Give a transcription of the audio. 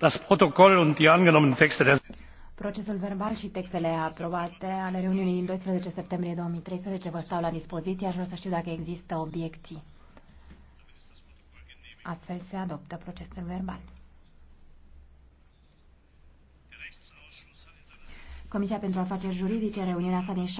das protokoll und die angenommenen texte der Procesul verbal și textele aprobate ale reuniunii din 12 septembrie 2013 vă stau la dispoziție. Aș vrea să știu dacă există obiecții. Astfel se adoptă procesul verbal. Comisia pentru Afaceri Juridice, reuniunea asta din